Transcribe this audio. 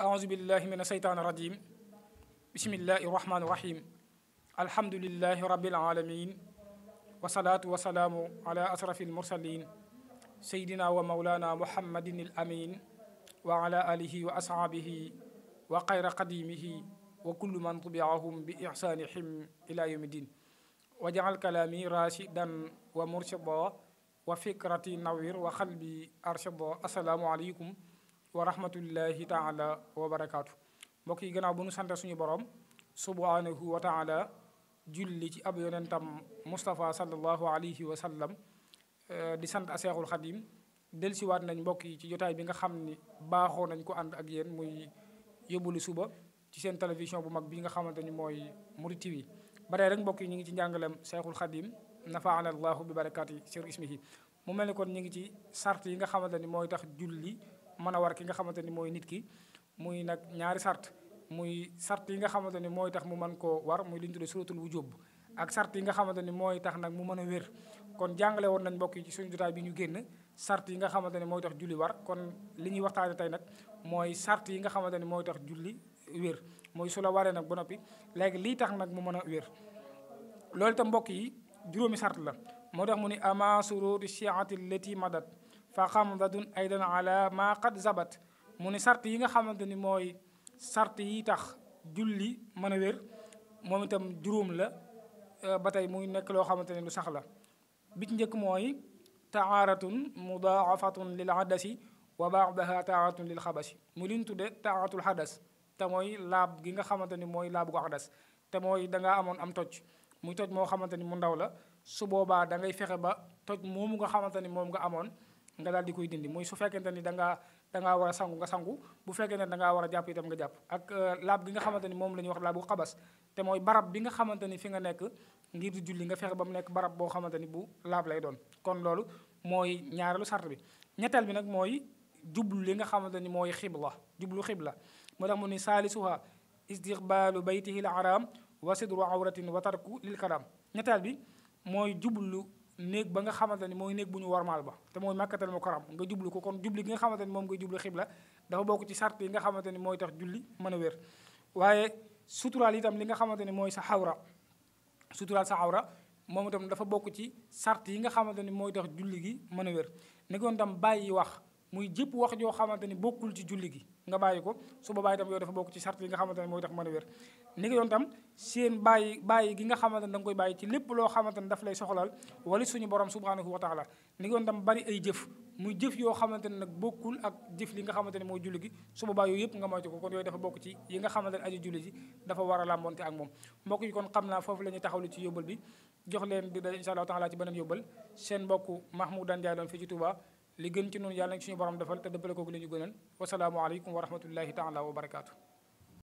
أعوذ بالله من الشيطان الرجيم بسم الله الرحمن الرحيم الحمد لله رب العالمين والصلاة والسلام على أشرف المرسلين سيدنا ومولانا محمد الأمين وعلى آله وأصحابه وقير قديمه وكل من تبعهم بإحسانهم إلى يوم الدين وجعل كلامي راشدا ومرشدا وفكرتي نوير وقلبي أرشدا السلام عليكم wa rahmatullahi taala wa barakaatu mbokk yi gannaaw bu nu sante suñu borom subhanahu wa taala julli ci ab yonentam Moustapha sallallahu alayhi wa sallam di sant a Seexul Xadim delsiwaat nañ mbokk ci jotaay bi nga xam ni nañ ko ànd ak yéen muy yóbbalu suba ci seen télévision bu mag bi nga xamante ni Mouride TV baree rek mbokk yi ñu ngi ci njàngaleem Seexul Xadim nafaana allahu bi barakaati sir ismihi mu mel kon ñu ngi ci sart yi nga xamante ni tax julli mën a war ki nga xamante ni mooy nit ki muy nag ñaari sart muy sart yi nga xamante ni mooy tax mu mën koo war muy li ñu tuddee suratul bu ak sart yi nga xamante ni mooy tax nag mu mën a wér kon jàngale woon nañ mbokk yi ci suñu jotaay bi ñu génn sart yi nga xamante ni mooy tax julli war kon li ñuy waxtaane tey nag mooy sart yi nga xamante ni mooy tax julli wér mooy sula waree nag ba noppi léegi lii tax nag mu mën a wér loolu itam mbokk yi juróomi sart la moo tax mu ni ama suruti shiati lati madat fa xamdadun aydan ala ma qad zabat mu ni sart yi nga xamante ni mooy sart yi tax julli mën a wér moom itam juróom la ba tey mu nekk loo xamante ne lu sax la bi ci njëkk mooy taaratun mudaafatun lil adasi wa baadaha taaratun lil xabasi mu liñ tudde taaratul xadas te mooy laab gi nga xamante ni mooy laab gu xadas te mooy da ngaa amoon am toj muy toj moo xamante ni mu ndaw la su boobaa da ngay fexe ba toj moomu nga xamante ni moom nga amoon nga dal di koy dindi moy su fekkente ni da nga da nga wara sangu nga sangu bu fekkene da nga wara japp itam nga japp ak euh, lab gi nga xamanteni ni moom wax labu khabas te moy barab bi nga xamanteni ni fi nga nek ngir di julli nga fexe bam nek barab bo xamanteni bu lab lay doon kon lolu moy ñaaralu sart bi ñettal bi nak moy jublu li nga xamanteni ni khibla jublu khibla, moo tax mo ni salisuha istiqbalu baytihi al haram wa sidru awratin wa tarku lil karam ñettal bi moy jublu néeg ba nga xamante ni mooy néeg bu ñu warmaal ba te mooy màkkatal mu karam nga jublu ko kon jubli gi nga xamante ni moom nga jublu xibla dafa bokk ci sart yi nga xamante ni mooy tax julli mën waaye suturaal itam li nga xamante ni mooy sa xawra suturaal sa xawra moom itam dafa bokk ci sart yi nga xamante ni mooy tax julli gi mën a wér ni koon tam bàyyi wax muy jëpp wax joo xamante ni bokkul ci julli gi nga bàyyi ko su boobaa tam yow dafa bokk ci charte yi nga xamante ne mooy tax mën a wér ni nga doon tam seen bàyyi bàyyi gi nga xamante ne da koy bàyyi ci lépp loo xamante daf lay soxlal wala suñu borom subhanahu wa taala ni nga doon tam bari ay jëf muy jëf yoo xamante ne nag bokkul ak jëf li nga xamante ne mooy julli gi su ba yooyu yëpp nga moytu ko kon yooyu dafa bokk ci yi nga xamante ne aju julli ji dafa war a làmboonte ak moom mbokk yi kon xam naa foofu la ñuy taxawlu ci yóbbal bi jox leen di daje incha allahu taala ci beneen yóbbal seen mbokk Mahmoudane Ndiaye doon fii ci Touba li gën ci noonu yàlla nag suñu borom defal te dëppale kooku li ñu gënal wasalaamualeykum wa rahmatullahi taala wa barakaatu.